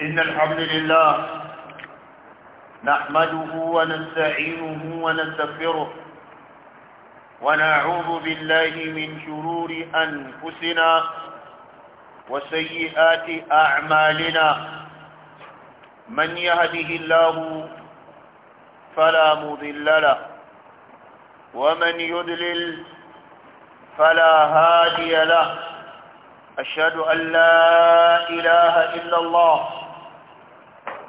إن الحمد لله نحمده ونستعينه ونستغفره ونعوذ بالله من شرور أنفسنا وسيئات أعمالنا من يهده الله فلا مضل له ومن يدلل فلا هادي له أشهد أن لا إله إلا الله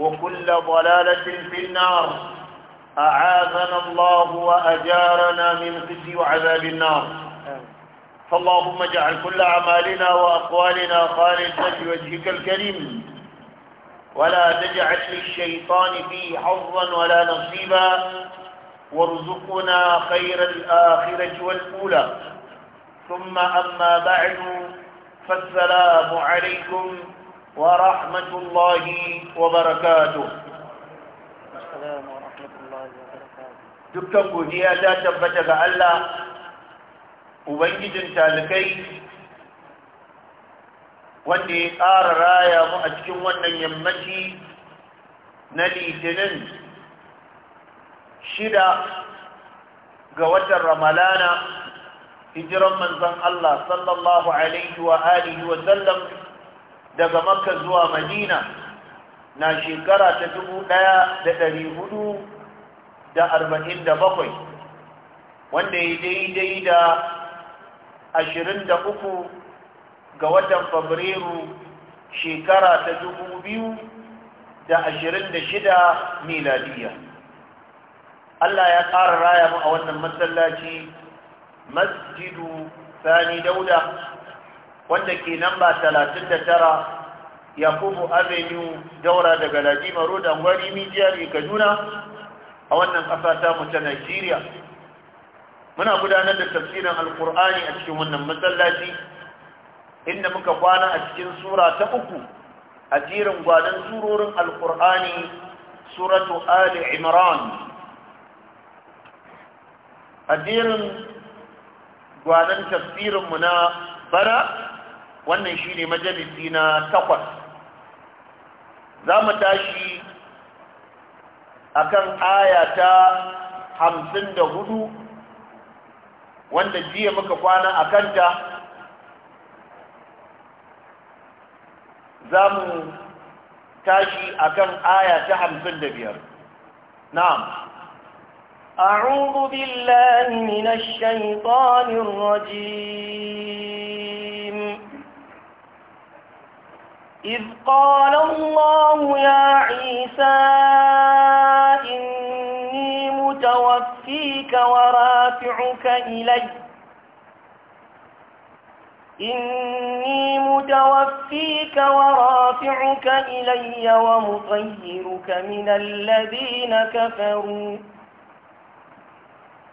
وكل ضلالة في النار أعاذنا الله وأجارنا من خزي وعذاب النار فاللهم اجعل كل أعمالنا وأقوالنا خالصة وجهك الكريم ولا تجعل للشيطان فيه حظا ولا نصيبا وارزقنا خير الآخرة والأولى ثم أما بعد فالسلام عليكم ورحمة الله وبركاته السلام ورحمة الله وبركاته دكتور قدية لا تبتغى ألا ubangijin talikai wanda ya ƙara raya mu a cikin wannan yammaci na litinin shida ga watan ramalana hijiran manzan Allah sallallahu alaihi wa alihi wa sallam daga makka zuwa madina na shekara ta dubu ɗaya da ɗari hudu da arba'in da bakwai wanda ya daidai da ashirin da uku ga watan fabrairu shekara ta dubu biyu da ashirin da shida miladiya Allah ya ƙara raya mu a wannan masallaci masjidu sani dauda wanda ke namba 39 yakubu avenue daura daga Lajima road angwari mijiyar kaduna a wannan ƙasa ta mu ta nigeria muna gudanar da tafsirin alkur'ani a cikin wannan masallaci inda muka kwana a cikin sura ta uku a jirin gwanin surorin alkur'ani suratu ali imran a jirin gwanin tafsirinmu na bara wannan shi ne majalisi na takwas za mu tashi akan aya ta hamsin da hudu wanda jiya muka kwana a kanta za mu tashi akan aya ta hamsin da biyar na'am أعوذ بالله من الشيطان الرجيم إذ قال الله يا عيسى إني متوفيك ورافعك إلي إني متوفيك ورافعك إلي ومطهرك من الذين كفروا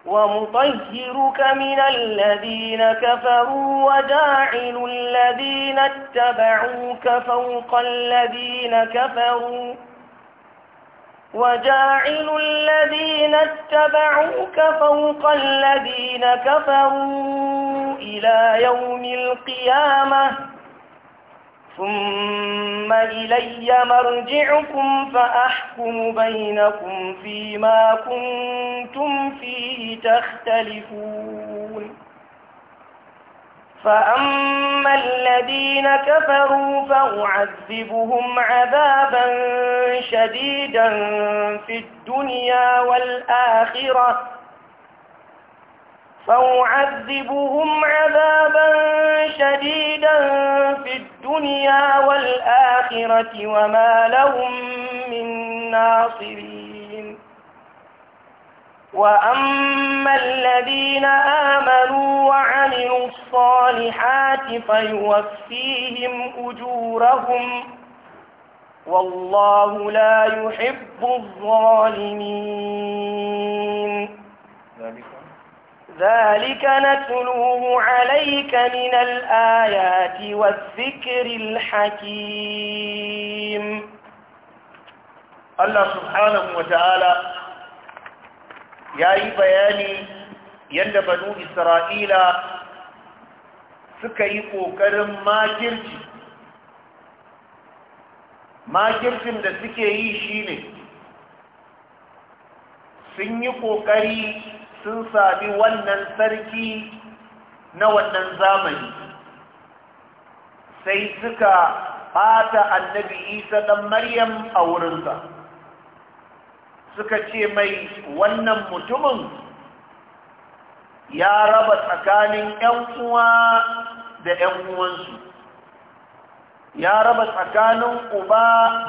ومطهرك من الذين كفروا وجاعل الذين اتبعوك فوق الذين كفروا وجاعل الذين اتبعوك فوق الذين كفروا إلى يوم القيامة ثم إلي مرجعكم فأحكم بينكم فيما كنتم فيه تختلفون فأما الذين كفروا فأعذبهم عذابا شديدا في الدنيا والآخرة فأعذبهم عذابا شديدا في الدنيا والآخرة وما لهم من ناصرين وأما الذين آمنوا وعملوا الصالحات فيوفيهم أجورهم والله لا يحب الظالمين ذلك ذلك نتلوه عليك من الآيات والذكر الحكيم الله سبحانه وتعالى يا بياني yadda banu isra'ila suka yi ƙoƙarin makirci makircin da suke yi shine sun yi ƙoƙari sun sami wannan sarki na wannan zamani sai suka bata annabi isa ɗan maryam a wurinsa suka ce mai wannan mutumin ya raba tsakanin 'yan uwa da 'yan uwansu ya raba tsakanin uba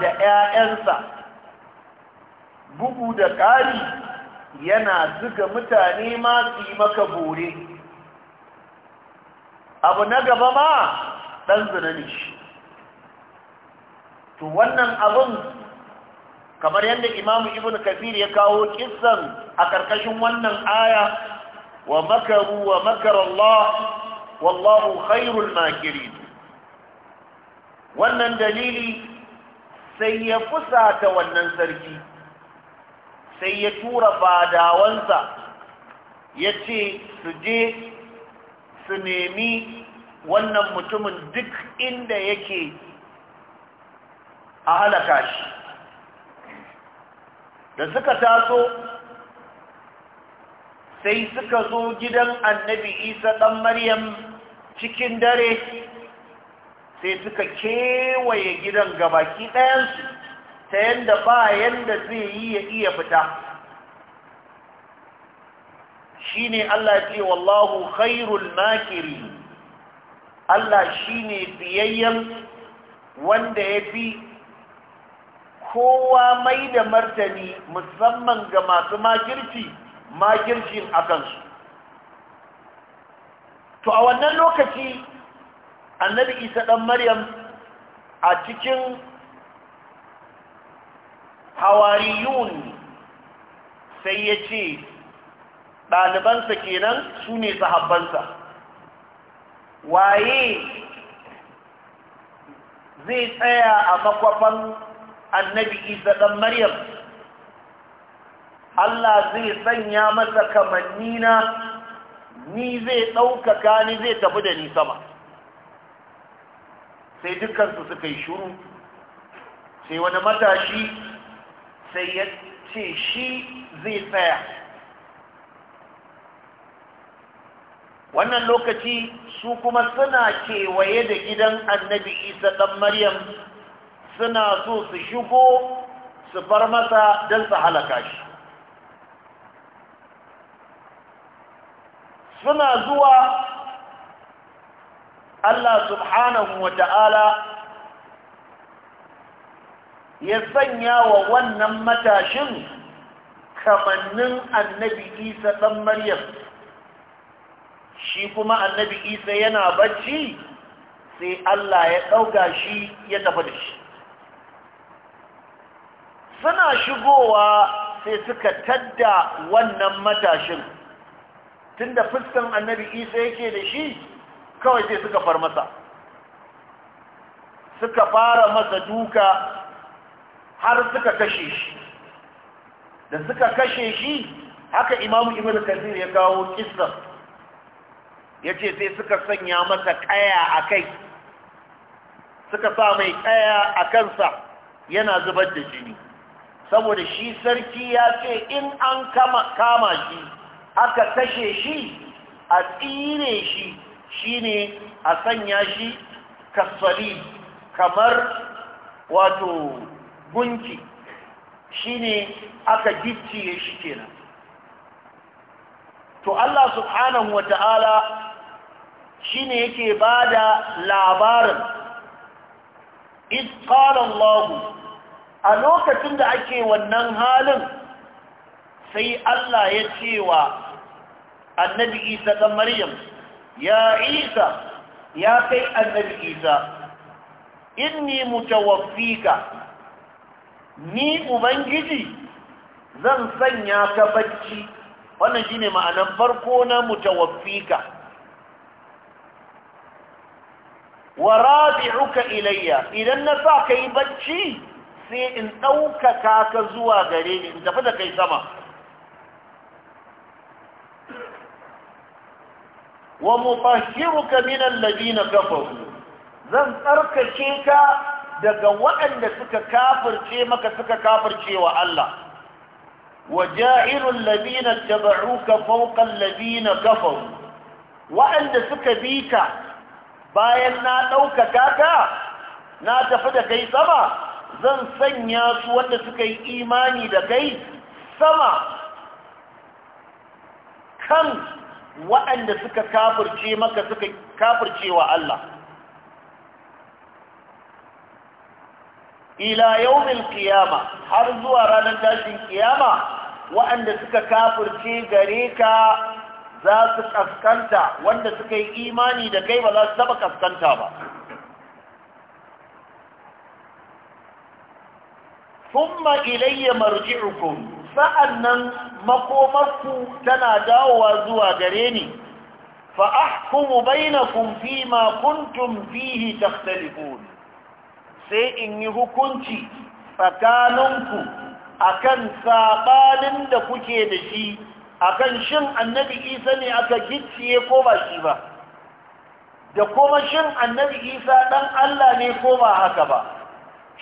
da 'ya'yansa bugu da ƙari yana zuga mutane ma su yi maka bore abu na gaba ma ɗan zinani shi to wannan abin kamar yadda imamu ibn kafir ya kawo kissan a ƙarƙashin wannan aya wa makaru wa makarallah wallahu khairul makirin wannan dalili sai ya fusata wannan sarki sai ya tura fadawansa ya ce su je su nemi wannan mutumin duk inda yake a halaka shi da suka taso sai suka zo gidan annabi isa ɗan maryam cikin dare sai suka kewaye gidan gabaki ɗayansu ta yanda ba yanda zai yi ya iya fita shine Allah ce wallahu khairul makiri Allah shine biyayyen wanda ya fi kowa mai da martani musamman ga masu makirci makircin a kansu to a wannan lokaci annabi isa ɗan maryam a cikin hawariyun sai ya ce ɗalibansa kenan su ne sahabbansa waye zai tsaya a makwafan annabi isa ɗan maryam Allah zai sanya masa kamannina ni zai ɗaukaka ni zai tafi da ni sama sai dukansu suka yi shuru sai wani matashi sai ya ce shi zai tsaya wannan lokaci su kuma suna kewaye da gidan annabi isa ɗan maryam suna so su shigo su bar masa don su halaka shi suna zuwa Allah subhanahu wa ta'ala ya sanya wa wannan matashin kamannin annabi isa ɗan maryam shi kuma annabi isa yana bacci sai allah ya ɗauka shi ya tafi da shi suna shigowa sai suka tadda wannan matashin tunda fuskan annabi isa yake da shi kawai sai suka far masa suka fara masa duka har suka kashe shi da suka kashe shi haka imamu ibn kasir ya kawo kissa ya ce sai suka sanya masa kaya a kai suka sa mai kaya a kansa yana zubar da jini saboda shi sarki ya ce in an kama shi aka kashe shi a tsire shi shine a sanya shi kasali kamar wato gunki shine aka gicciye shi kenan to Allah subhanahu wata'ala shine yake bada labarin iz qala Allah a lokacin da ake wannan halin sai Allah ya cewa annabi Isa dan Maryam ya Isa ya kai annabi Isa inni mutawaffika ni ubangiji zan sanya ka bacci wannan shine ma'anar farko na mutawaffika wa rabi'uka ilayya idan na sa ka yi bacci sai in ɗaukaka ka zuwa gare ni in tafi da kai sama wa mutahhiruka min alladhina kafaru zan tsarkake ka daga waɗanda suka kafirce maka suka kafirce wa Allah وجائر الذين اتبعوك فوق الذين كفروا وعند سكبيك bayan na ɗaukaka ka na tafi da kai sama zan sanya su wanda suka yi imani da kai sama kan waɗanda suka kafirce maka suka kafirce wa Allah ila yawmil ƙiyama, har zuwa ranar tashin kiyama waɗanda suka kafirce gare ka za su kaskanta wanda suka yi imani da kai ba za su taba kaskanta ba thumma ilayya marji'ukum sa'annan makomarku tana dawowa zuwa gare ni fa ahkumu bainakum fima kuntum fihi takhtalifun sai in yi hukunci tsakaninku a kan saɓanin da kuke da shi a kan shin annabi isa ne aka gicciye ko ba shi ba da kuma shin annabi isa ɗan allah ne ko ba haka ba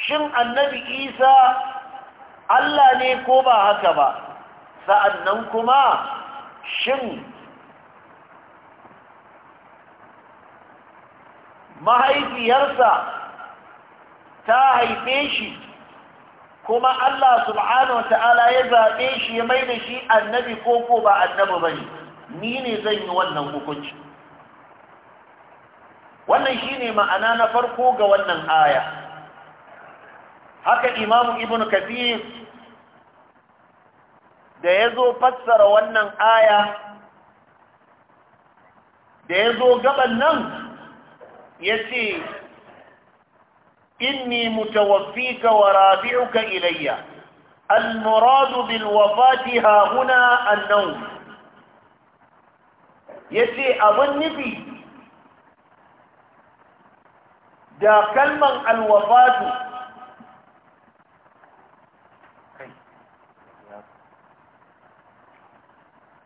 shin annabi isa allah ne ko ba haka ba sa'annan kuma shin mahaifiyarsa ta haife shi kuma Allah subhanahu wa ta'ala ya zaɓe shi ya mai da shi annabi ko ko ba annabi ba ne ni ne zan yi wannan hukunci wannan shi ne ma'ana na farko ga wannan aya haka imamu ibn Kabir da ya zo fassara wannan aya da ya zo gaban nan ya ce إني متوفيك ورافعك إلي المراد بالوفاة ها هنا النوم يسي أظن في دا كلمة الوفاة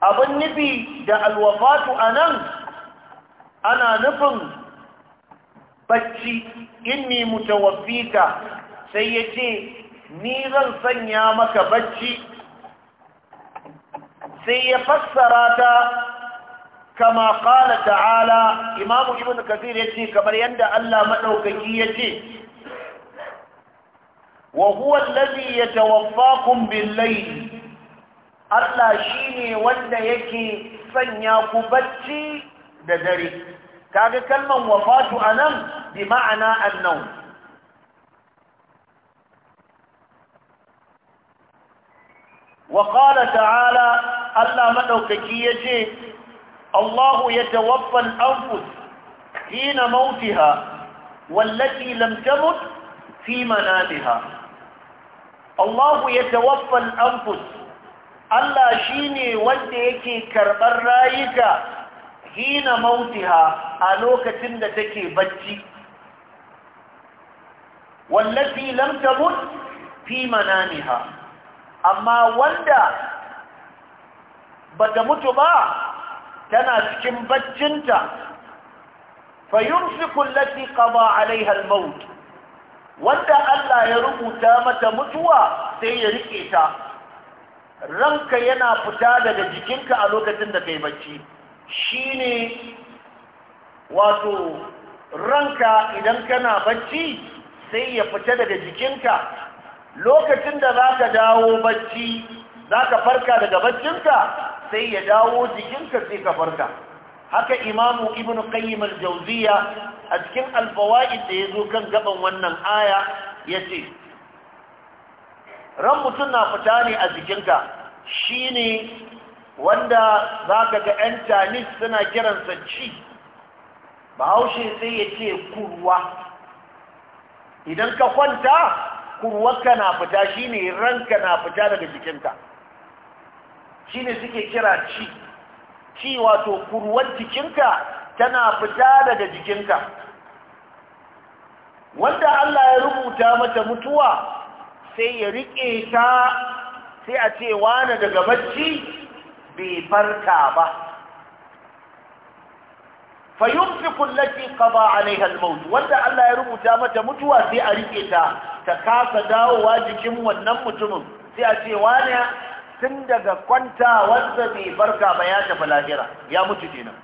أظن بي دا الوفاة أنا أنا ana bacci inni mutawaffika sai ya ce ni zan sanya maka bacci sai ya fassara ta kama kala ta'ala imamu ibnu kathir ya ce kamar yadda Allah maɗaukaki ya ce wa huwa allazi yatawaffakum bil layl Allah shine wanda yake sanya ku bacci da dare kaga kalman wafatu anan bi ma'ana annau wa qala ta'ala Allah ya yace Allah ya al-anfus hina mautiha wallati lam fi manamiha Allah ya al-anfus Allah shine wanda yake karɓar rayuka hina mautiha a lokacin da take bacci wallafi lam tamut fi manamiha amma wanda bata mutu ba tana cikin baccinta fayumsiku allati kaba alaiha almaut wanda Allah ya rubuta mata mutuwa sai ya rike ta ranka yana fita daga jikinka a lokacin da kai bacci shine wato ranka idan kana bacci sai ya fita daga jikinka lokacin da za ka dawo bacci za ka farka daga baccinka sai ya dawo jikinka sai ka farka haka imamu ibn qayyim al-jawziya a cikin alfawaid da yazo kan gaban wannan aya yace ran mutum na fita ne a jikinka shine wanda za ka ga 'yan chinese suna kiransa ci bahaushe sai ya ce kurwa idan ka kwanta kurwarka na fita shine ranka na fita daga jikinka ne suke kira ci ci wato kurwar jikinka tana fita daga jikinka wanda Allah ya rubuta mata mutuwa sai ya riƙe ta sai a ce wane daga bacci bai farka ba fa yumsiku allati qada alaiha al wanda Allah ya rubuta mata mutuwa sai a rike ta ta kasa dawowa jikin wannan mutumin sai a ce wani tun daga kwanta wanda bai farka ba ya tafi lahira ya mutu kenan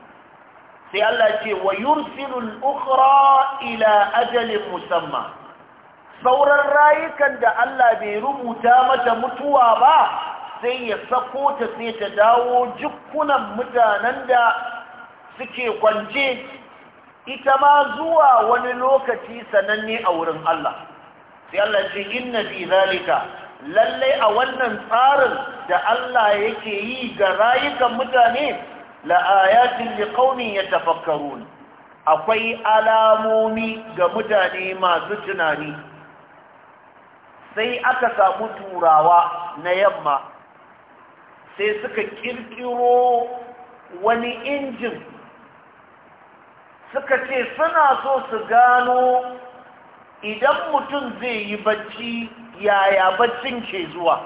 sai Allah ce wa yursilu al-ukhra ila ajalin musamma sauran rayukan da Allah bai rubuta mata mutuwa ba sai ya sako ta sai ta dawo jukunan mutanen da suke kwance ita ma zuwa wani lokaci sananne a wurin Allah sai Allah ce inna fi zalika lalle a wannan tsarin da Allah yake yi ga rayukan mutane la ayatin liqaumin yatafakkarun akwai alamomi ga mutane masu tunani sai aka samu turawa na yamma sai suka kirkiro wani injin suka ce suna so su gano idan mutum zai yi bacci yaya baccin ke zuwa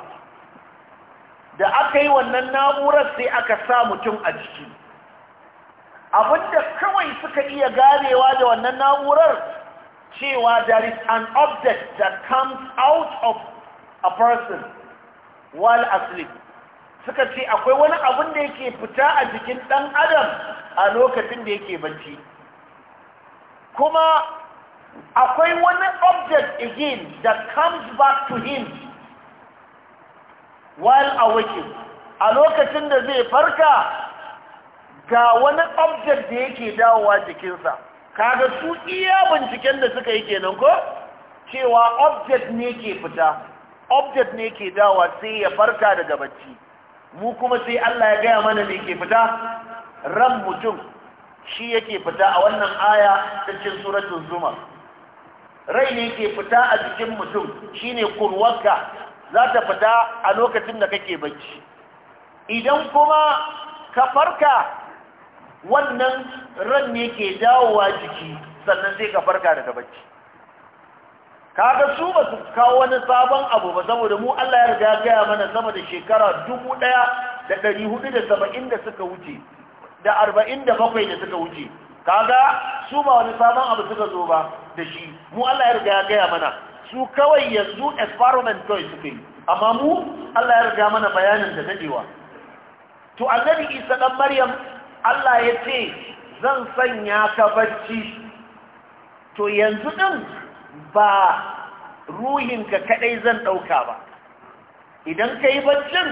da aka yi wannan na'urar sai aka sa mutum a jiki abinda kawai suka iya ganewa da wannan na'urar cewa there is an object that comes out of a person while asleep suka ce akwai wani abin da yake fita a jikin ɗan adam a lokacin da yake bacci kuma akwai wani object again that comes back to him while awaking a lokacin da zai farka ga wani object da yake dawowa jikinsa kaga su iya binciken da suka yi kenan ko cewa object ne ke fita object ne ke dawowa sai ya farka daga bacci mu kuma sai Allah ya gaya mana me ke fita ran mutum shi yake fita a wannan aya ta cikin suratul zumar rai ne ke fita a jikin mutum shine kurwarka za ta fita a lokacin da kake bacci idan kuma ka farka wannan ran ne ke dawowa jiki sannan sai ka farka daga bacci kaga su ba su kawo wani sabon abu ba saboda mu Allah ya riga gaya mana sama da shekara dubu ɗaya da ɗari hudu da saba'in da suka wuce da arba'in da bakwai da suka wuce kaga su ba wani sabon abu suka zo ba da shi mu Allah ya riga ya gaya mana su kawai yanzu experiment kawai suke, amma mu Allah ya riga mana bayanin da dadewa to annabi Isa dan Maryam Allah ya ce zan sanya ka bacci to yanzu din ba ruhinka kadai zan dauka ba idan kai baccin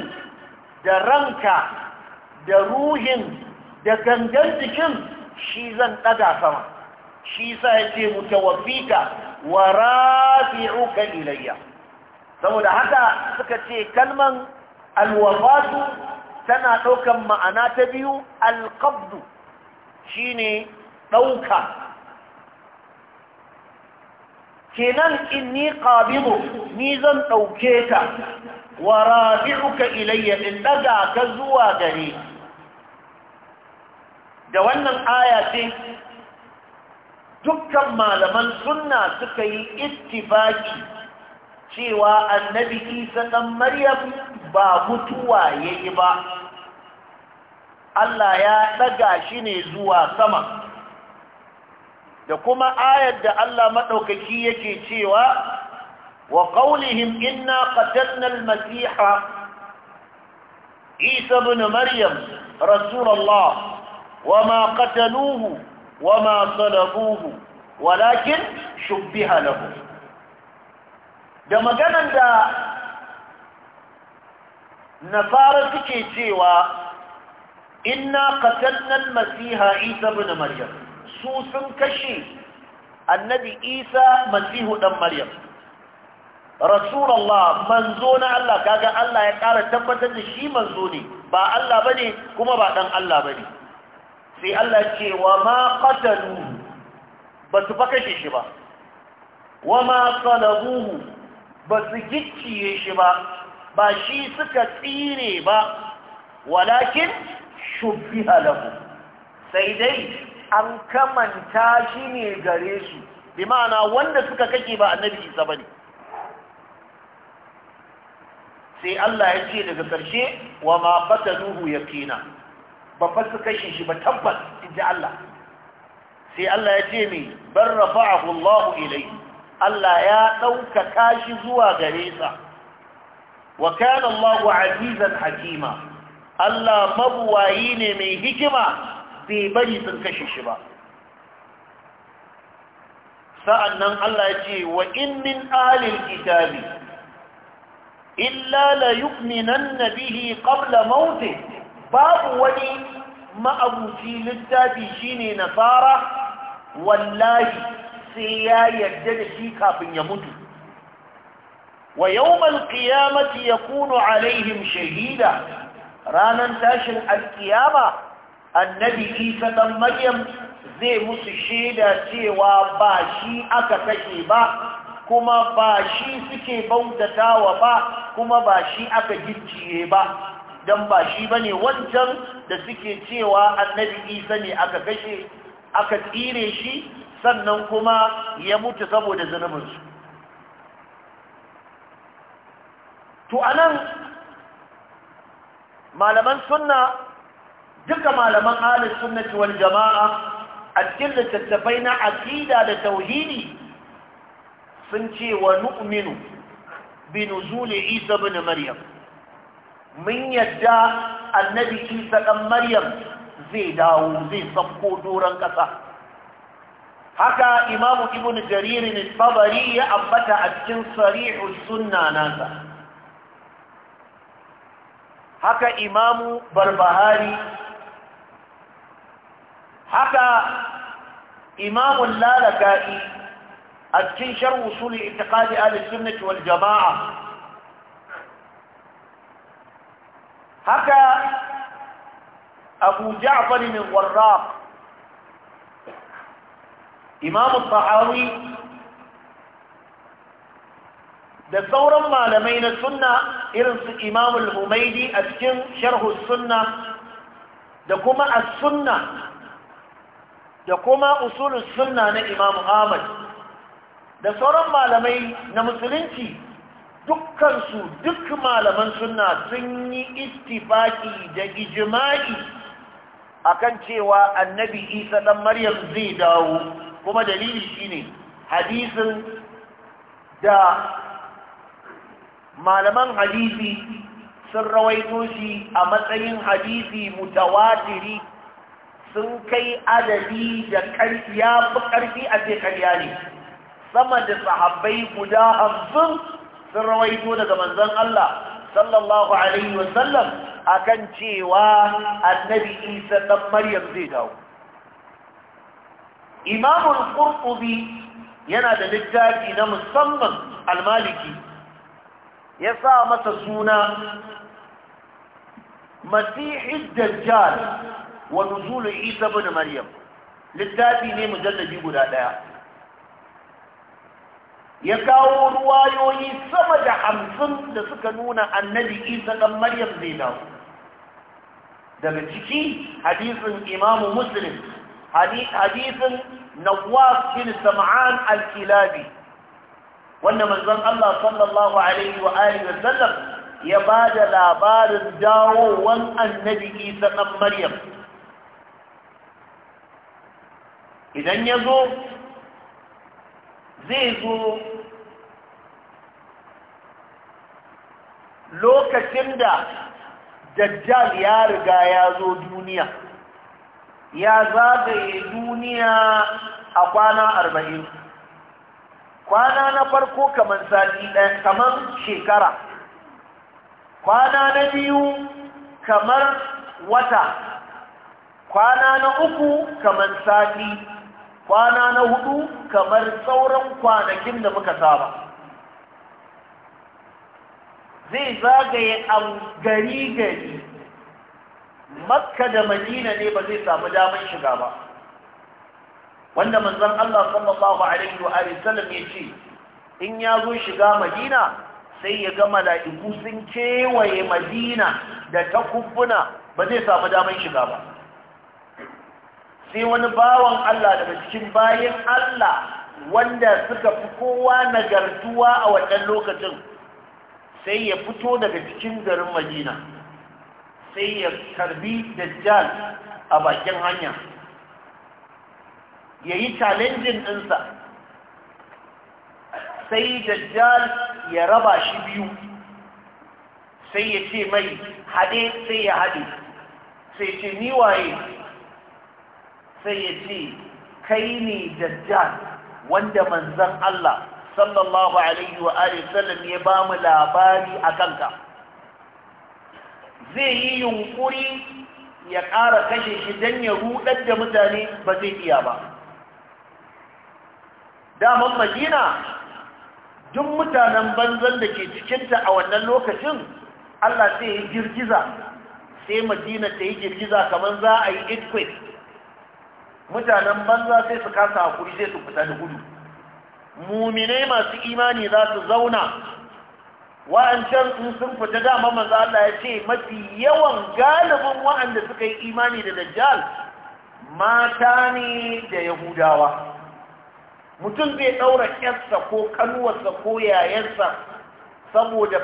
da ranka da ruhin da gangan jikin shi zan ɗaga sama shi sa yace mutawaffika wa rafi'uka ilayya saboda haka suka ce kalman alwafatu tana ɗaukan ma'ana ta biyu shi shine ɗauka. kenan ni qabidu ni zan dauke ka wa rafi'uka ilayya in daga ka zuwa gare da wannan aya ce dukkan malaman sunna suka yi ittifaki cewa annabi isa dan maryam ba mutuwa yayi ba Allah ya ɗaga shi ne zuwa sama da kuma ayar da Allah maɗaukaki yake cewa wa qawlihim inna qatalna masiha Isa ibn Maryam rasulallah, wa ma qataluhu wa ma salabuhu walakin shubbiha lahu da maganan da nasara suke cewa inna qatalna masiha Isa ibn Maryam su sun kashe annabi isa masihu dan maryam rasulallah manzo na Allah kaga Allah ya ƙara tabbatar da shi manzo ne ba Allah bane kuma ba dan Allah bane sai Allah ce wa ma qatalu ba su fa kashe shi ba wa ma salabuhu ba su gicciye shi ba ba shi suka tsire ba walakin shubbiha lahu sai dai an kamanta shi ne gare su bi ma'ana wanda suka kake ba annabi isa ba ne sai Allah ya ce daga ƙarshe wa ma fatanuhu yaqina ba fa su kashe shi ba tabbas ji Allah sai Allah ya ce mai bar rafa'ahu Allah ilayhi Allah ya ɗaukaka shi zuwa gare sa wa kana Allah azizan hakima Allah mabuwayi ne mai hikima bai bari sun kashe shi ba sa'an nan Allah ce wa in min alil kitabi illa la yu'minan na bihi ƙabla mauti babu wani ma'abuci littafi shine fara wallahi sai ya yarda da shi kafin ya mutu wa yawmal qiyamati yakunu alaihim shahida ranan tashin alkiyama annabi isa dan maryam zai musu shaida cewa ba shi aka kashe ba kuma ba shi suke bautatawa ba kuma ba shi aka gicciye ba dan ba shi ba wancan da suke cewa annabi isa ne aka kashe aka tsire shi sannan kuma ya mutu saboda zunubinsu to anan malaman sunna duka malaman ahlus sunnati wal jama'a a cikin littattafai na akida da tauhidi sun ce wa nu'minu binu nuzuli isa ibn maryam mun yadda annabi isa ɗan maryam zai dawo zai sauko doron ƙasa. haka imamu ibn Jaririn al-tabari ya ambata a cikin sari'u sunna nasa haka imamu barbahari haka imamun lalaka'i a cikin shar usul itiqadi ahli sunnah wal jama'a haka أبو جعفر الوراق إمام الطحاوي da sauran malamai na sunna irin su imam al-humaidi a cikin sharhu sunna da kuma as-sunna da kuma usulun sunna na imamu ahmad da sauran malamai na musulunci dukkansu duk malaman sunna sun yi istifaki da ijima'i akan cewa annabi isa dan maryam zai dawo kuma dalili shine hadisin da malaman hadisi sun rawaito shi a matsayin hadisi mutawatiri sun kai adadi da ƙarfi ya fi ƙarfi a ce ƙarya ne sama da sahabbai guda hamsin sun rawaito daga manzon Allah sallallahu alaihi wasallam akan cewa annabi isa ɗan maryam zai dawo imamul qurtubi yana da littafi na musamman almaliki ya sa masa suna masihid dajjal wa nuzulu isa ibn maryam littafi ne mujallabi guda daya ya kawo ruwayoyi sama da hamsin da suka nuna annabi isa ɗan maryam zai dawo daga ciki hadisin imamu muslim hadisin nawas bin sam'an al-kilabi wanda manzon Allah sallallahu alaihi wa alihi wa sallam ya bada labarin dawowan annabi isa ɗan maryam idan ya zo zai zo lokacin da dajjal ya riga ya zo duniya ya zagaye duniya a kwana arba'in kwana na farko kamar sati ɗaya kamar shekara kwana na biyu kamar wata kwana na uku kamar sati kwana na hudu kamar sauran kwanakin da muka saba zai zagaye a gari gari makka da madina ne ba zai samu damar shiga ba wanda manzon Allah sallallahu alaihi wa sallam ya ce in ya zo shiga madina sai ya ga mala'iku sun kewaye madina da takubbuna ba zai samu damar shiga ba sai wani bawan Allah daga cikin bayan Allah wanda suka fi kowa nagartuwa a wannan lokacin sai ya fito daga cikin garin Madina sai ya karbi dajjal a bakin hanya yayi yi challenging ɗinsa sai dajjal ya raba shi biyu sai ya ce mai haɗe sai ya haɗe sai ce ni waye sai ya ce kai ne dajjal wanda manzon Allah sallallahu alaihi wa alihi sallam ya ba mu labari a kanka zai yi yunkuri ya ƙara kashe shi don ya rudar da mutane ba zai iya ba daman madina duk mutanen banzan da ke cikinta a wannan lokacin allah sai ya girgiza sai madina ta yi girgiza kamar za a yi earthquake mutanen banza sai su kasa hakuri sai su fita da gudu muminai masu imani za su zauna wa'ancan in sun fita dama manzo Allah ya ce mafi yawan galibin wa'anda suka yi imani da dajjal mata ne da yahudawa mutum zai ɗaura yarsa ko kanuwarsa ko yayansa saboda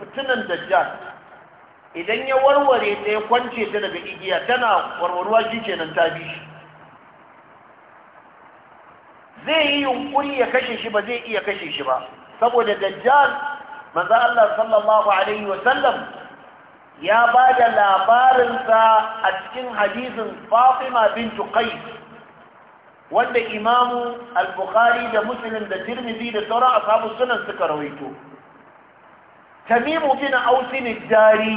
fitinan dajjal idan ya warware ta ya kwance ta daga igiya tana warwarwa shi kenan ta bi shi zai yi yunkuri ya kashe shi ba zai iya kashe shi ba saboda dajjal manzo Allah sallallahu alaihi wasallam ya ba da labarinsa a cikin hadisin Fatima bintu Qais wanda Imam al-Bukhari da Muslim da Tirmidhi da sauran ashabu sunan suka rawaito Tamim bin Aus dari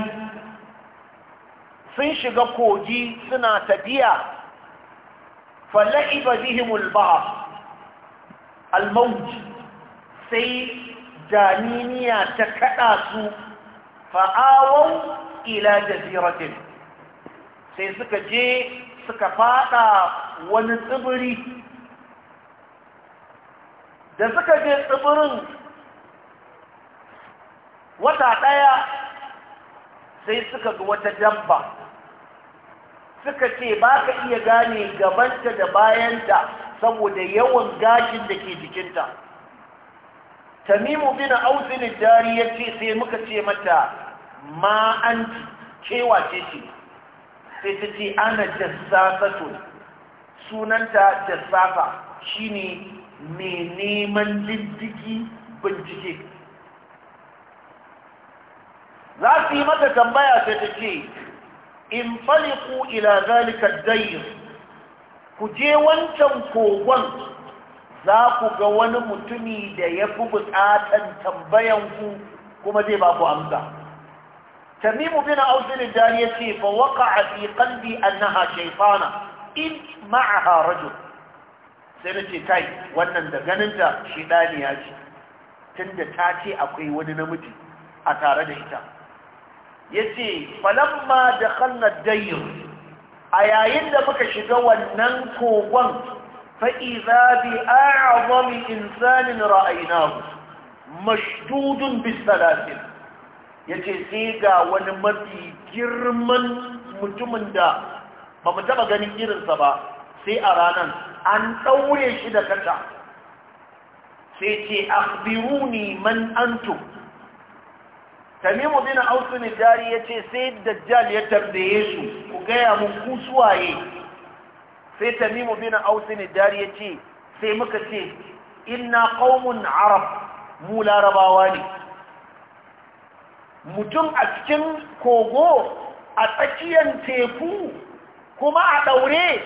sun shiga koji suna tafiya fala'iba bihim al-bahr almauji sai janiniya ta kaɗa su fa'awon ila jaziratin sai suka je suka fada wani tsibiri da suka je tsibirin wata ɗaya sai suka ga wata dabba suka ce ba ka iya gane gabanta da bayanta saboda yawan gashin da ke jikinta tamimu bin ausin dari ya ce sai muka ce mata ma an cewa ce ce sai ta ce ana jassasatu sunanta jassasa shine mai neman lindigi bincike za su yi mata tambaya sai ta ce in faliku ila zalika dair ku je wancan kogon za ku ga wani mutumi da ya fi buƙatan tambayanku kuma zai ba ku amsa tamimu bin ausilin dari ya ce fa waka a fi annaha shaifana in ma'aha rajul sai na ce kai wannan da ganinta shi ɗaniya ce tun ta ce akwai wani namiji a tare da ita yace falamma da ad-dayr a yayin da muka shiga wannan kogon fa idza bi a'zami insanin ra'aynahu mashdudun bis Ya yace sai ga wani mafi girman mutumin da ba mu taba ganin irinsa ba sai a ranan an ɗaure shi da kata sai ce akhbiruni man antum tamimu bin ausun jari ya ce sai dajjal ya tambaye su ku gaya mun ku suwaye sai tamimu bin ausun jari ya ce sai muka ce inna qaumun arab mu larabawa ne mutum a cikin kogo a tsakiyar teku kuma a ɗaure,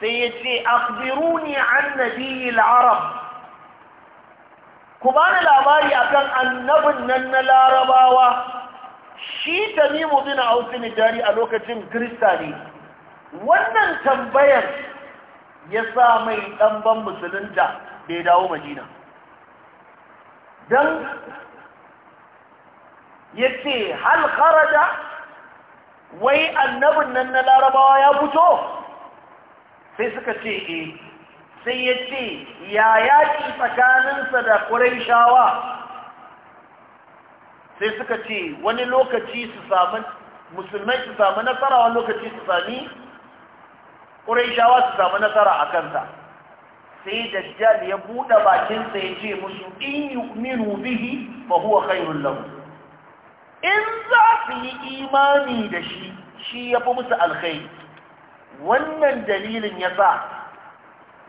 sai ya ce akhbiruni an nabiyil arab ku ba ni labari akan annabin nan na larabawa shi tamimu bin ausin dari a lokacin krista ne wannan tambayar ya sa mai ɗanban musulunta da ya dawo madina don ya ce hal wai annabin nan na larabawa ya fito sai suka ce eh sai ya ce ya yaƙi tsakaninsa da ƙuraishawa sai suka ce wani lokaci su sami musulmai su sami nasara wani lokaci su sami ƙuraishawa su sami nasara a kanta sai dajjal ya buɗe bakinsa ya ce musu in yu'minu bihi fa huwa kairun lamu.' in za su yi imani da shi shi ya fi musu alkhairi wannan dalilin ya sa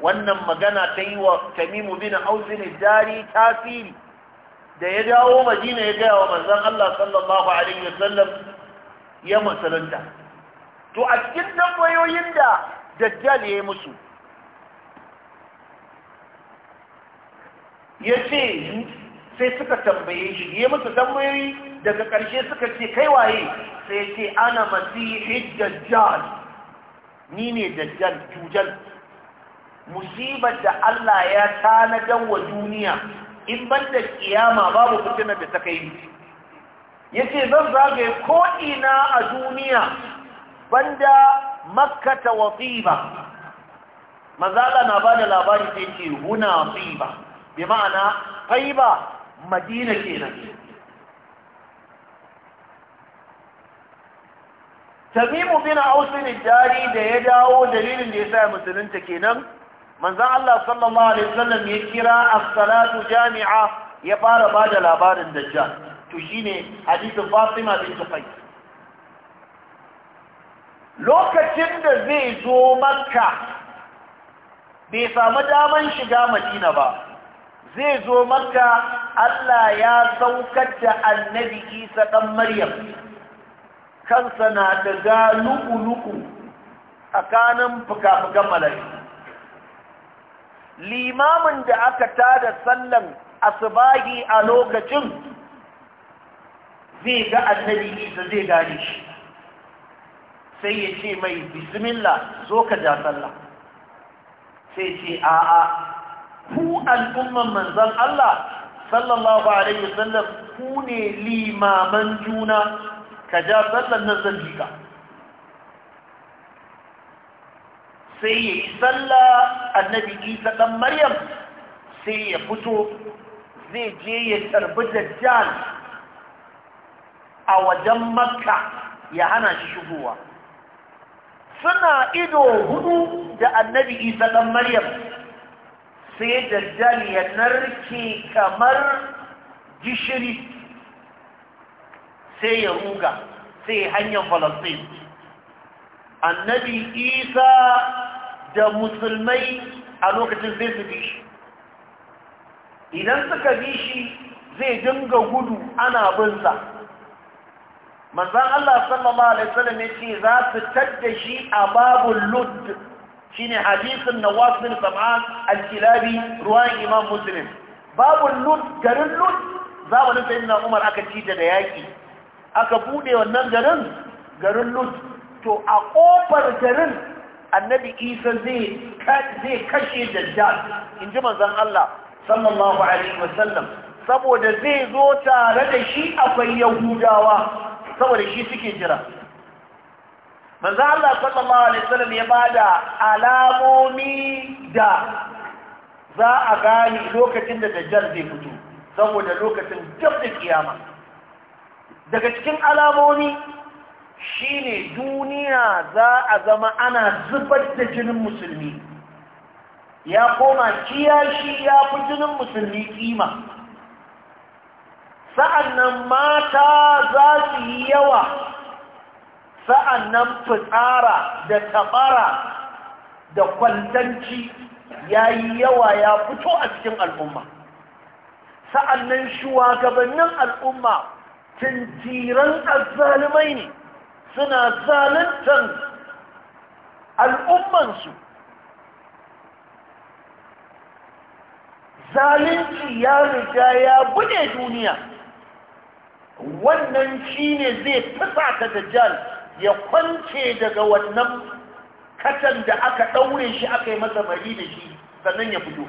wannan magana ta yi wa tamimu bin ausin dari tasiri da ya dawo madina ya gaya wa manzan Allah sallallahu alaihi wasallam ya masalanta. to a cikin tambayoyin da dajjal ya yi musu ya ce sai suka tambaye shi ya musu tambayoyi daga ƙarshe suka ce kai waye sai ya ce ana masihi dajjal ni ne dajjal jujal musibar da Allah ya tanadan wa duniya in ban da kiyama babu fitinar da ta kai yace zan zagaye ko ina a duniya banda makka ta wasiba manzala na bada labari sai ce huna tsiba bi ma'ana taiba madina kenan tamimu bin ausin dari da ya dawo dalilin da ya sa musulunta kenan manzon Allah sallallahu alaihi wasallam ya kira as-salatu jami'a ya fara bada labarin dajjal to shine hadisin Fatima bin lokacin da zai zo makka bai samu daman shiga madina ba zai zo makka Allah ya saukar da annabi isa ɗan maryam kansa na daga luu luku tsakanin fuka-fukan mala'iku limamin da aka tada sallan asbahi a lokacin zai ga annabi isa zai gane shi sai ya ce mai bismillah zo ka ja sallah sai ce a'a ku al'umman manzan Allah sallallahu alaihi wasallam ku ne limaman juna ka ja sallan nan zan jika sai ya yi sallah annabi isa ɗan maryam sai ya fito zai je ya tarbi dajjal a wajen makka ya hana shi shigowa suna ido hudu da annabi isa ɗan maryam sai dajjal ya narke kamar gishiri sai ya ruga sai hanyar falastin annabi isa da musulmai a lokacin zai su bi idan suka bi shi zai dinga gudu ana binsa manzan Allah sallallahu Alaihi wasallam ya ce za su tadda shi a babun lud shi ne hadisun na wasun sam'an alkilabi ruwan imam Musulmi. babu lud garin lud zamanin sayin na umar aka cita da yaƙi aka buɗe wannan garin garin lud to a ƙofar garin annabi isa zai kashe dajjal in ji manzan Allah sallallahu alaihi wasallam saboda zai zo tare da shi akwai yahudawa saboda shi suke jira manzan Allah sallallahu alaihi wasallam ya bada alamomi da za a gani lokacin da dajjal zai fito saboda lokacin dab da kiyama daga cikin alamomi shine duniya za a zama ana zubar da jinin musulmi ya koma kiyashi ya fi jinin musulmi kima sa'annan mata za su yi yawa sa'annan fitsara da tabara da kwantanci ya yi yawa ya fito a cikin al'umma sa'annan shugabannin al'umma tintiran azzalumai ne suna zaluntan al'ummansu zalunci ya riga ya bude duniya wannan shi ne zai fasa ta dajjal ya kwance daga wannan katan da aka ɗaure shi aka yi masa mari da shi sannan ya fito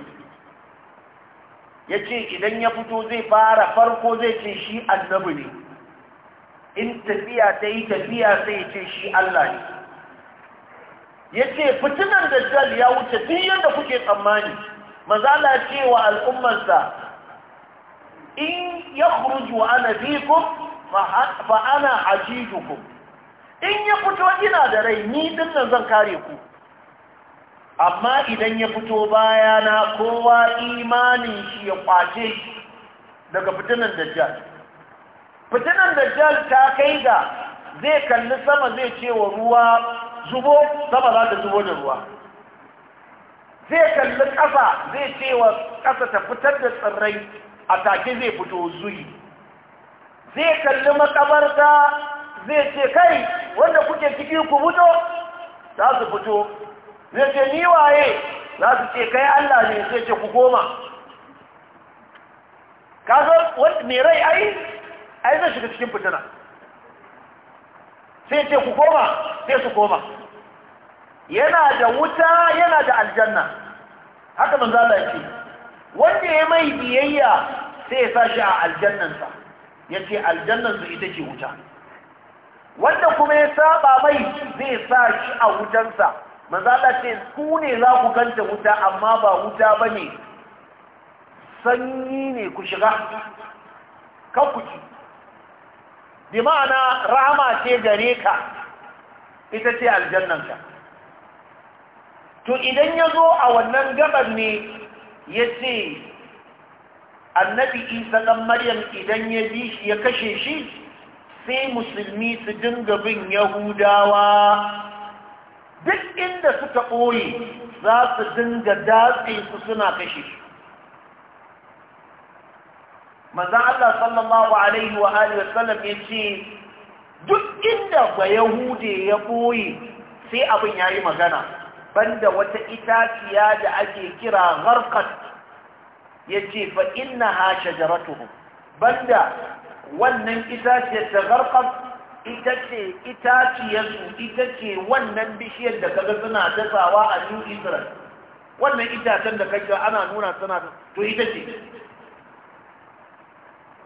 ya ce idan ya fito zai fara farko zai ce shi annabi ne in tafiya ta yi tafiya sai ce shi Allah ne ya ce fitinan Jal ya wuce tun yadda kuke tsammani mazala wa al'ummarsa in ya kuruju ana ana haji ku, in ya fito ina da rai ni dinnan zan kare ku amma idan ya fito bayana kowa imanin shi ya kwace daga fitinan dajjal fitinan dajjal ta kai ga zai kalli sama zai ce wa ruwa zubo sama za ta zubo da ruwa zai kalli ƙasa zai ce wa ƙasa ta fitar da tsirrai a take zai fito zuri zai kalli makabarta zai ce kai wanda kuke ciki ku fito za su fito zai ce ni waye za su ce kai Allah ne zai ce ku goma ka zo mai rai ai ai zai shiga cikin fitina sai ce ku koma sai su koma yana da wuta yana da aljanna haka man zala ya ce wanda ya mai biyayya sai ya sashi a aljannansa ya ce aljannansa ita ce wuta wanda kuma ya saba mai zai sa shi a wutansa zala ce ku ne za ku ganta wuta amma ba wuta ba ne sanyi ne ku shiga kan ku ci bi ma'ana rahama ce gare ka ita ce aljannanka to idan ya zo a wannan gabar ne ya ce annabi isa ɗan maryam idan ya bi shi ya kashe shi sai musulmi su dinga bin yahudawa duk inda suka ɓoye za su dinga datse su suna kashe shi Maza Allah sallallahu alaihi wa alihi wa sallam ya ce duk inda ba yahude ya boye sai abin ya yi magana banda wata itaciya da ake kira gharqat yace fa innaha shajaratuhum banda wannan itaciyar da gharqat ita ce itaciyarsu ita ce wannan bishiyar da kaga suna dasawa a New Israel wannan itacen da kaga ana nuna suna to ita ce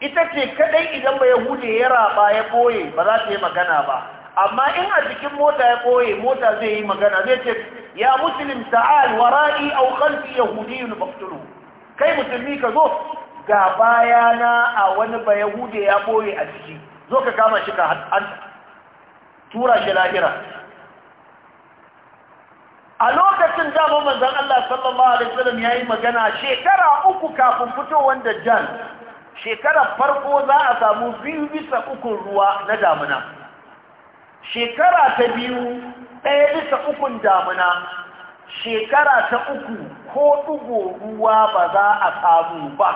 ita ce kadai idan ba yahudi ya raba ya boye ba za ta yi magana ba amma in a jikin mota ya boye mota zai yi magana zai ce ya muslim ta'al wara'i aw khalfi yahudiyyun faqtulu kai musulmi ka zo ga bayana a wani ba hude ya boye a ciki zo ka kama shi ka tura shi lahira a lokacin dama manzon Allah sallallahu alaihi wasallam yayi magana shekara uku kafin fitowar dajjal shekarar farko za a samu biyu bisa ukun ruwa na damuna shekara ta biyu ɗaya bisa ukun damuna shekara ta uku ko ɗugo ruwa ba za a samu ba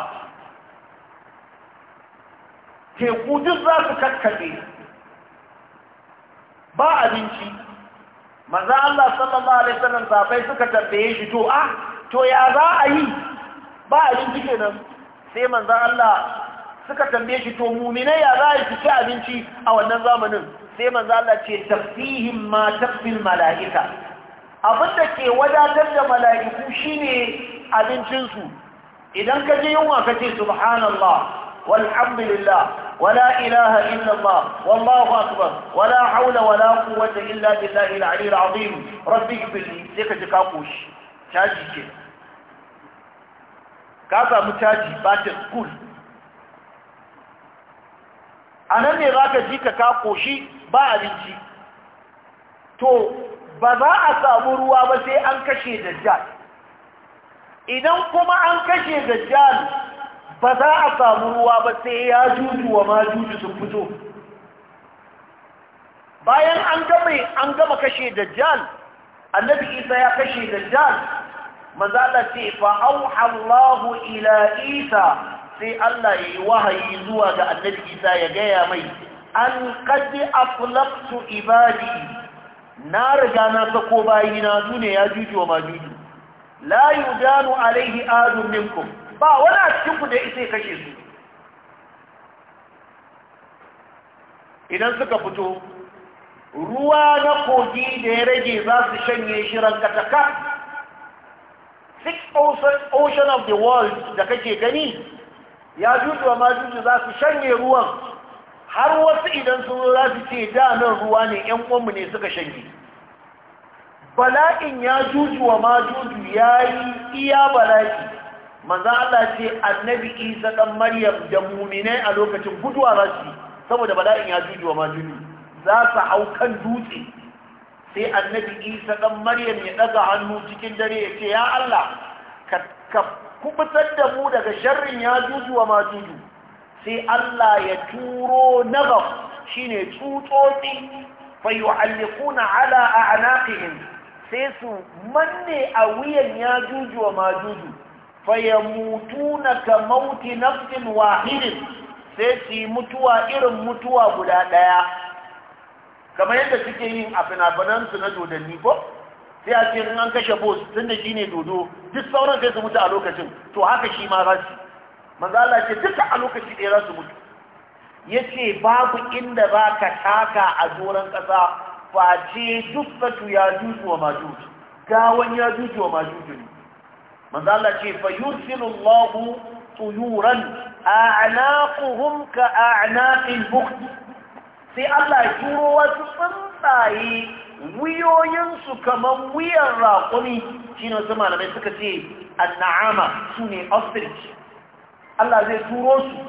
teku duk za su kakkaɓe ba abinci maza Allah sallallahu Alaihi wasallam zafai suka tambaye shi to a ah, to ya za a yi ba abinci kenan sai manzan Allah suka tambaye shi to mu'minai ya za a ci abinci a wannan zamanin sai manzon Allah ce tafsihim ma tafsil malaika da ke wadatar da mala'iku shine abincinsu idan ka yunwa ka ce subhanallah والحمد لله ولا akbar إلا الله wala أكبر ولا حول ولا قوة إلا بالله rabbi, العظيم sai اغفر لي سيكا جكاكوش شاجي ke. ka samu caji ta school a nan ne za ka ji ka kako shi ba abinci to ba za a samu ruwa ba sai an kashe dajjal idan kuma an kashe dajjal ba za a samu ruwa ba sai ya juju wa ma juju sun fito bayan an gama kashe da jal, annabi isa ya kashe da jal. manzo Allah ce fa auha Allahu ila Isa sai Allah ya yi wahayi zuwa ga annabi Isa ya gaya mai an qad aflaqtu ibadi na riga na sako bayina dune ya juju wa majuju la yudanu alaihi adun minkum ba wala cikin ku da ita kashe su idan suka fito ruwa na kogi da ya rage za su shanye shiran kataka six ocean of the world da kake gani ya juju wa majuju za su shanye ruwan har wasu idan sun zo za su ce da nan ruwa ne yan uwanmu ne suka shanye bala'in ya juju wa majuju ya yi iya bala'i manzan Allah ce annabi isa ɗan maryam da muminai a lokacin guduwa za su saboda bala'in ya juju wa majuju za su hau kan dutse sai annabi isa ɗan maryam ya ɗaga hannu cikin dare ya ce ya Allah ka kubutar da mu daga sharrin ya juju wa majuju sai Allah ya turo nagaf shine tsutsotsi fa yu'alliquna ala a'naqihim sai su manne a wuyan ya juju wa majuju fa yamutuna ka mauti nafsin wahidin sai su yi mutuwa irin mutuwa guda ɗaya kamar yadda suke yin a fina su na dodanni ko sai a ce an kashe bos tun da shi ne dodo duk sauran sai su mutu a lokacin to haka shi ma za su manzo Allah ce duka a lokaci ɗaya za su mutu yace babu inda za ka taka a doron ƙasa face dukkatu ya juju wa majuju gawan ya juju wa majuju ne manzo ce fa yursilu Allahu tuyuran a'naquhum ka a'naqil bukhti sai Allah ya turo wasu tsuntsaye wuyoyinsu kamar wuyan raƙumi shi ne wasu malamai suka ce anna'ama su ne ostrich Allah zai turo su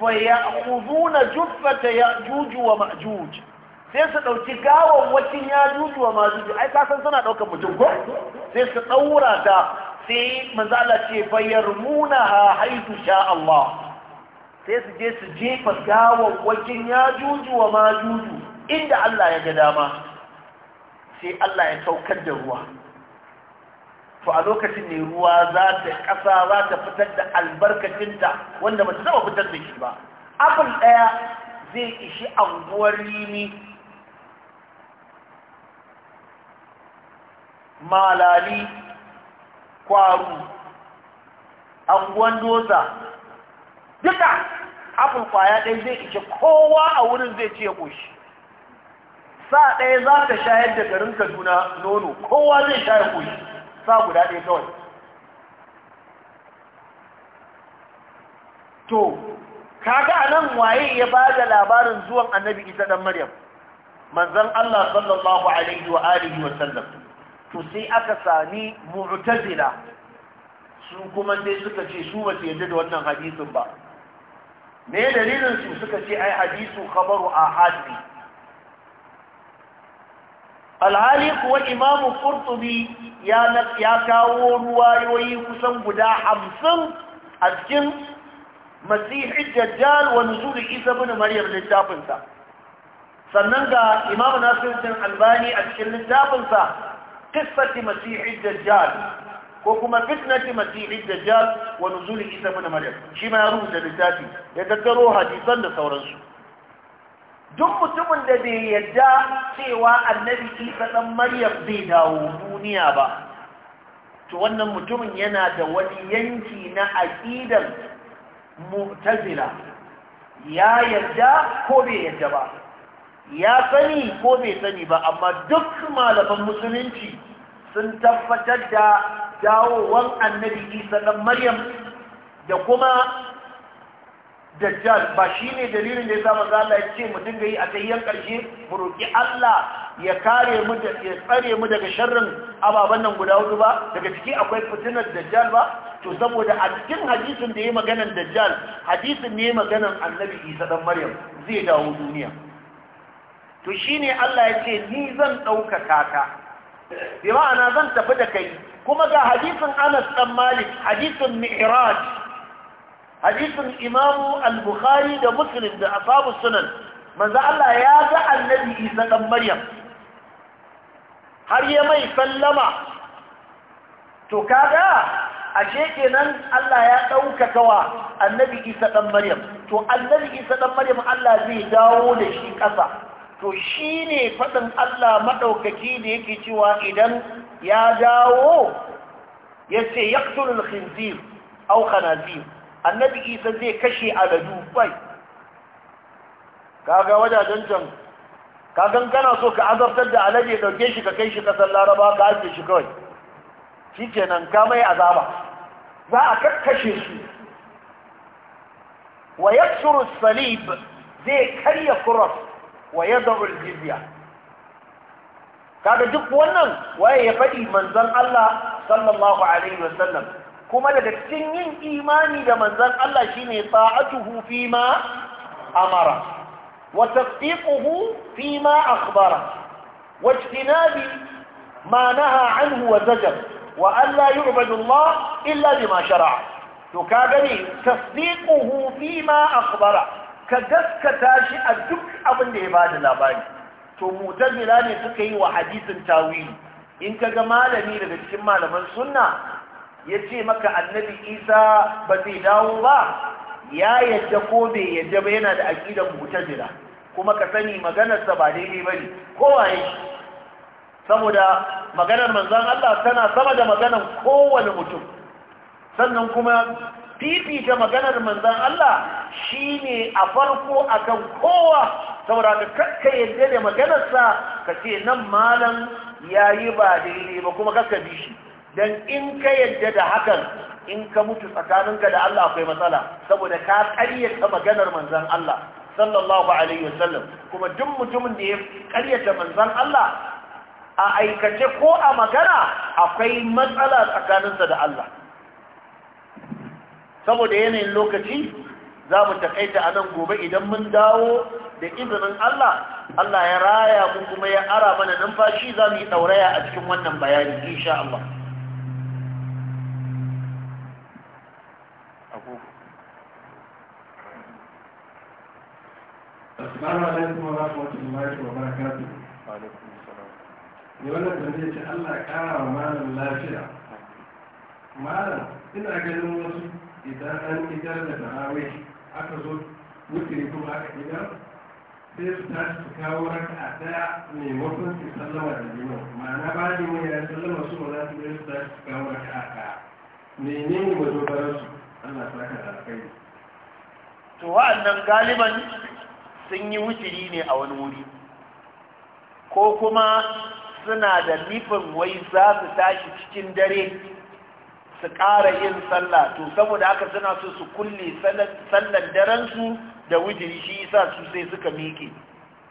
fayyakuzuna juffata ya juju wa ma'juj sai su ɗauki gawon wacin ya juju wa ma'juj ai kasan suna ɗaukar mutum ko sai su ɗaura ta sai manzala ce fayyarmuna ha haitu sha Allah sai su je su jefa gawon wajen ya juju wa ma juju inda Allah ya ga dama sai Allah ya saukar da ruwa to a lokacin ne ruwa za ta ƙasa za ta fitar da albarkacinta wanda ba ta zama fitar da shi ba abin ɗaya zai ishi anguwar limi malali kwaru anguwan doza duka apple kwaya ɗaya zai ike kowa a wurin zai ce ƙoshi sa ɗaya za ka shayar da garin kaduna nono kowa zai shayar ƙoshi sa guda ɗaya kawai to kaga nan waye ya ba da labarin zuwan annabi isa dan maryam manzon Allah sallallahu alaihi wa alihi wa to sai aka sami mu'tazila su kuma dai suka ce su ba su yarda da wannan hadisin ba me dalilin su suka ce ai hadisu khabaru a hadri? alhali kuwa imamu qurtubi ya kawo ruwayoyi kusan guda hamsin a cikin masih dajjal wa nuzul isa ibn maryam littafin sannan ga imamu nasiruddin albani a cikin littafinsa, sa qissati masih dajjal ko kuma fitnati masihi dajjal wa nuzuli isa ibn maryam shi ma ya da littafi da tattaro hadisan da sauransu duk mutumin da bai yadda cewa annabi isa dan maryam bai dawo duniya ba to wannan mutumin yana da wani yanki na aqidar mu'tazila ya yadda ko bai yadda ba ya sani ko bai sani ba amma duk malaman musulunci sun tabbatar da dawowar annabi isa dan maryam da kuma dajjal ba shine dalilin da ya sa maza Allah ya ce mu dinga yi a tayyar ƙarshe mu roƙi Allah ya kare mu da ya tsare mu daga sharrin ababen nan guda hudu ba daga ciki akwai fitinar dajjal ba to saboda a cikin hadisin da ya maganan dajjal hadisin ne maganan annabi isa dan maryam zai dawo duniya to shine Allah ya ce ni zan ɗaukaka ka bi zan tafi da kai kuma ga hadisin Anas dan Malik hadisin Mi'raj hadisin Imam al-Bukhari da Muslim da Ashabu Sunan manzo Allah ya ga Annabi Isa dan Maryam har ya mai sallama to kaga ashe kenan Allah ya ɗaukaka kawa annabi Isa dan Maryam to annabi Isa dan Maryam Allah zai dawo da shi ƙasa to shi ne faɗin Allah maɗaukaki da yake cewa idan ya dawo ya ce ya ƙtulul khinzir au khanazir annabi isa zai kashe aladu bai kaga wajajen can kagan kana so ka azabtar da alade ɗauke shi ka kai shi ƙasar laraba ka ake shi kawai shi kenan ka mai azaba za a kakkashe su wa yaksuru salib zai karya kuras wa ya al-jizya kaga duk wannan waye ya faɗi manzon Allah sallallahu alaihi Sallam? kuma daga cikin yin imani da manzon Allah shine ta'atuhu fi ma amara wa tasdiquhu fi ma akhbara wa ijtinabi ma naha anhu wa zajar wa an la yu'badu Allah illa bima shar'a to kaga ne tasdiquhu fi ma akhbara ka gaskata shi a duk abin da ya ba da labari to mutabila ne suka yi wa hadisin tawili in ka ga malami daga cikin malaman sunna ya ce maka annabi isa ba zai dawo ba ya yadda ko bai yadda ba yana da aƙidar mutabila kuma ka sani maganarsa ba daidai ba ne kowaye saboda maganar manzan Allah tana sama da maganar kowane mutum sannan kuma fifita maganar manzan Allah shine a farko akan kowa saboda kakka yadda da maganarsa ka ce nan malam yayi ba daidai ba kuma kakka bi shi dan in ka yadda da hakan in ka mutu tsakaninka da Allah akwai matsala saboda ka karyata maganar manzan Allah sallallahu alaihi wasallam kuma duk mutumin da ya karyata manzan Allah a aikace ko a magana akwai matsala tsakaninsa da Allah saboda yanayin lokaci za mu takaita a nan gobe idan mun dawo da izinin Allah Allah ya raya mu kuma ya ara mana numfashi za mu yi ɗauraya a cikin wannan bayani insha Allah Assalamu alaikum wa rahmatullahi wa barakatuh. alaikum assalam. Ne wannan tambaye ce Allah ya kara wa malam lafiya. Malam ina ganin wasu idan an idar da tarawih aka zo mutane kuma aka idar sai su tashi su kawo raka a daya maimakon su sallama da jima ma'ana ba ne mai ya sallama su ba za su su tashi su kawo raka a daya menene madogaran su allah saka da alkai to wa'annan galiban sun yi wuciri ne a wani wuri ko kuma suna da nufin wai za su tashi cikin dare su ƙara yin sallah to saboda haka suna so su kulle sallan darensu da wujiri shi yasa su sai suka miƙe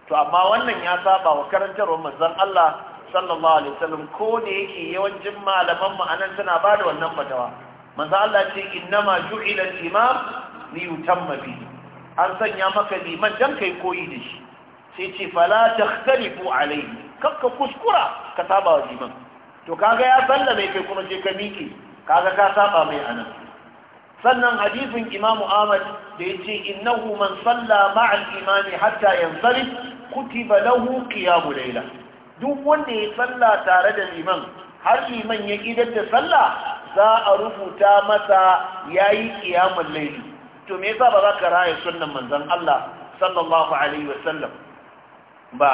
to amma wannan ya saba wa karantarwar manzon Allah sallallahu alaihi wasallam ko da yake yawancin malaman mu anan suna ba da wannan fatawa manzon Allah ce innama ju'ila al-imam li yutamma bihi an sanya maka liman dan kai koyi da shi sai ce fala takhtalifu alayhi kakka kuskura ka saba wa liman to kaga ya sallame kai kuma je ka miƙe kaga ka saba mai anan sannan hadisin imamu ahmad da yace innahu man salla ma'a al-imam hatta yansari kutiba lahu qiyamul layla duk wanda ya salla tare da liman har liman ya idar da salla za a rubuta masa yayi qiyamul layli to me yasa ba za ka raya sunnan manzon Allah sallallahu alaihi wasallam ba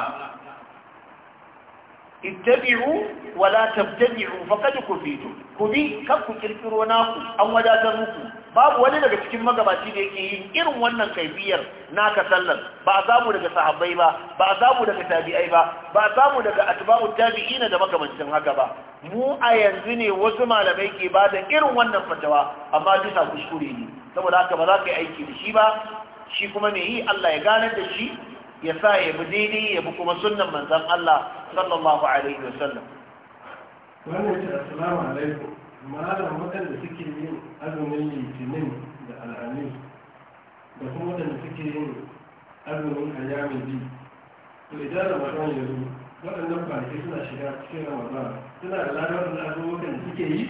ittabi'u wa la tabtadi'u faqad kufitu ku bi kan ku kirkiro naku an wadatar muku babu wani daga cikin magabaci da yake yin irin wannan kaifiyar naka sallar ba a samu daga sahabbai ba ba a daga tabi'ai ba ba a samu daga atba'u tabi'ina da makamancin haka ba mu a yanzu ne wasu malamai ke ba da irin wannan fatawa amma bisa kuskure ne saboda haka ba za ka yi aiki da shi ba shi kuma mai yi Allah ya ganar da shi ya sa ya bi daidai ya bi kuma sunan manzan Allah sallallahu alaihi sallam. wannan ce assalamu alaikum malam waɗanda suke yin azumin litinin da al'amin da kuma waɗanda suke yin azumin ayyamin bi to idan ramadan ya zo waɗannan kwanaki suna shiga cikin ramadan suna da ladan waɗanda azumin da suke yi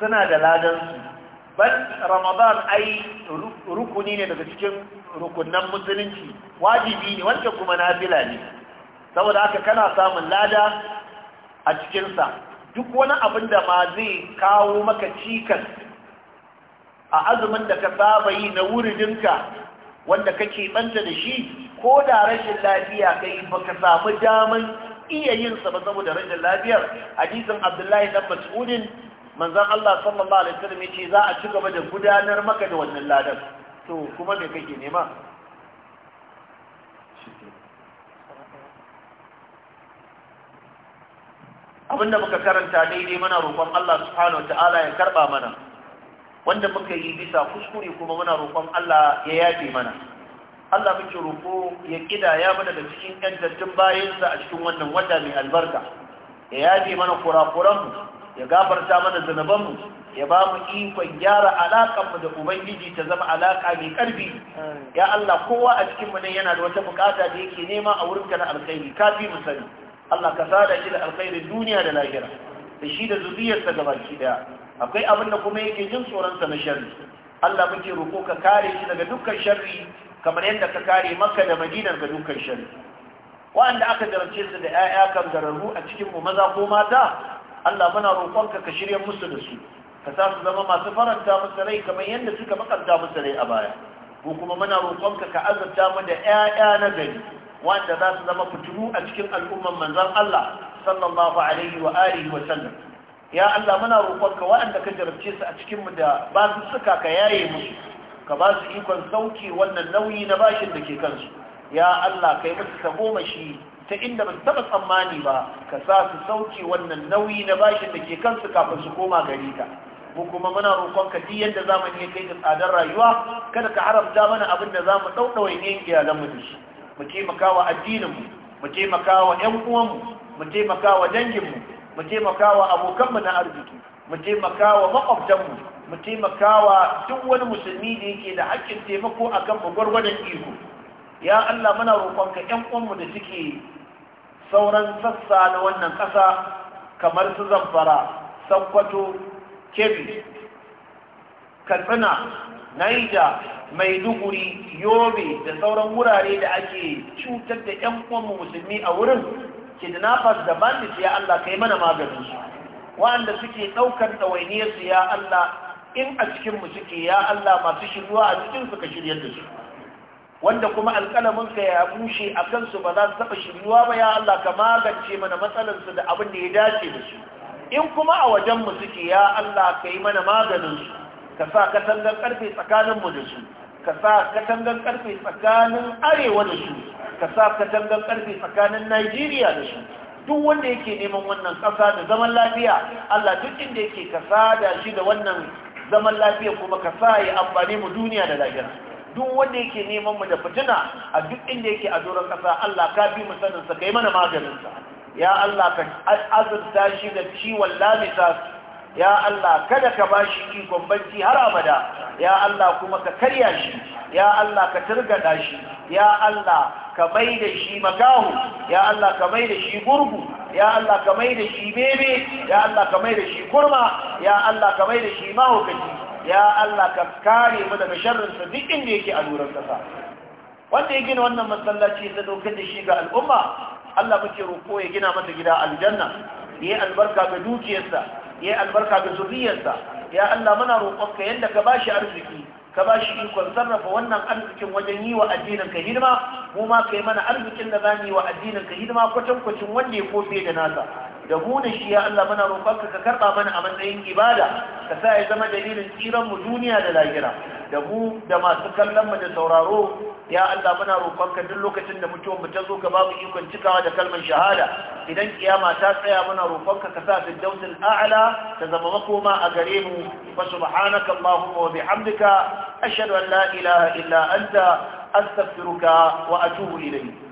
suna da ladan su bal ramadan ai rukuni ne daga cikin rukunan musulunci wajibi ne wancan kuma nafila ne saboda haka kana samun lada a cikinsa duk wani abin da ma zai kawo maka cikas a azumin da ka saba yi na wuridinka wanda kake banta da shi ko da rashin lafiya kai baka samu daman iya yinsa ba saboda rashin lafiyar hadisin abdullahi na mas'udin manzan Allah sallallahu alaihi wasallam yace za a ci gaba da gudanar maka da wannan ladan to kuma me kake nema abinda muka karanta daidai mana roƙon Allah subhanahu ta'ala ya karba mana wanda muka yi bisa kuskure kuma muna roƙon Allah ya yafe mana Allah muke roƙo ya ya mana da cikin ƴan bayansa a cikin wannan wata mai albarka ya yafe mana kurakuranmu ya gafarta mana mu ya ba mu ikon gyara alaƙanmu da ubangiji ta zama alaƙa mai ƙarfi ya Allah kowa a cikinmu ne yana da wata buƙata da yake nema a wurinka na alkhairi kafi mu sani Allah ka sada shi da alkhairin duniya da lahira da shi da zuriyarsa ki daya akwai abin da kuma yake jin tsoronsa na sharri Allah muke roƙo ka kare shi daga dukkan sharri kamar yadda ka kare Makka da Madinar ga dukkan sharri wa'anda aka jarabce su da 'ya'ya kan a cikin mu maza ko mata Allah muna roƙonka ka shirya musu da su ka sa su zama masu faranta musu rai kamar yadda suka makanta musu rai a baya ko kuma muna roƙonka ka azurta mu da ƴaƴa na gari wanda za su zama fitilu a cikin al'umman manzon Allah sallallahu alaihi wa alihi wa sallam ya Allah muna roƙonka waɗanda ka jarabce su a cikin mu da ba su suka ka yaye musu ka ba su ikon sauke wannan nauyi na bashin da ke kansu ya Allah kai musu tagomashi ta inda ba taba taɓa tsammani ba ka sa su sauke wannan nauyi na bashin da ke kansu kafin su koma gari ka mu kuma muna roƙon ka duk yadda zamani ya kai da tsadar rayuwa kada ka haramta mana abin da za mu ɗauɗawa yin iyalanmu da shi mu taimaka wa addininmu mu taimaka wa ‘yan uwan mu taimaka wa danginmu mu taimaka wa abokanmu na arziki mu taimaka wa maƙwabtanmu mu taimaka wa duk wani musulmi da yake da haƙƙin taimako akan mu gwargwadon iko ya Allah muna roƙonka ƴan mu da suke sauran sassa na wannan ƙasa kamar su zamfara sakkwato kebbi katsina naija maiduguri yobe da sauran wurare da ake cutar da 'yan uwanmu musulmi a wurin kidnappers da bandits ya Allah kai mana maganin su wanda suke ɗaukar ɗawainiyarsu ya Allah in a cikinmu suke ya Allah masu shiruwa a cikin suka shiryar da su wanda kuma alƙalaminka ya bushe a kansu ba za su taɓa shiryuwa ba ya Allah ka magance mana matsalarsu da abin da ya dace da su in kuma a wajenmu suke ya Allah ka yi mana maganinsu ka sa katangar ƙarfe tsakaninmu da su ka sa katangar ƙarfe tsakanin arewa da su ka sa katangar ƙarfe tsakanin Najeriya da su duk wanda yake neman wannan ƙasa da zaman lafiya Allah duk inda yake ka da shi da wannan zaman lafiya kuma ka sa ya amfane mu duniya da lafiya duk wanda yake neman mu da fitina a duk inda yake a doron kasa Allah ka bi mu sanin sa kai mana maganin sa ya Allah ka azurta shi da ciwon lamisa ya Allah kada ka bashi ikon banci har abada ya Allah kuma ka karya shi ya Allah ka turgada shi ya Allah ka mai da shi makahu ya Allah ka mai da shi gurgu ya Allah ka mai da shi bebe ya Allah ka mai da shi kurma ya Allah ka mai da shi mahaukaci ya Allah ka kare mu daga sharrinsa duk inda yake a duran kasa wanda ya gina wannan masallaci ta dokar da shi ga al'umma Allah muke roko ya gina mata gida aljanna yayi albarka ga dukiyarsa yayi albarka ga zuriyarsa ya Allah muna ka yanda ka bashi arziki ka bashi ikon sarrafa wannan arzikin wajen yi wa addinin ka hidima mu ma kai mana arzikin da zamu yi wa addinin ka hidima kwatankwacin wanda ya kofe da nasa da mu da shi ya Allah muna roƙonka ka karɓa mana a matsayin ibada ka sa ya zama dalilin tsiran mu duniya da lahira da mu da masu kallon mu da sauraro ya Allah muna roƙonka duk lokacin da mutuwar mu ta zo ka ba mu ikon cikawa da kalmar shahada idan kiyama ta tsaya muna roƙonka ka sa firdausul a'ala ta zama makoma a gare mu wa subhanaka allahumma wa bihamdika ashhadu an la ilaha illa anta astaghfiruka wa atubu ilayk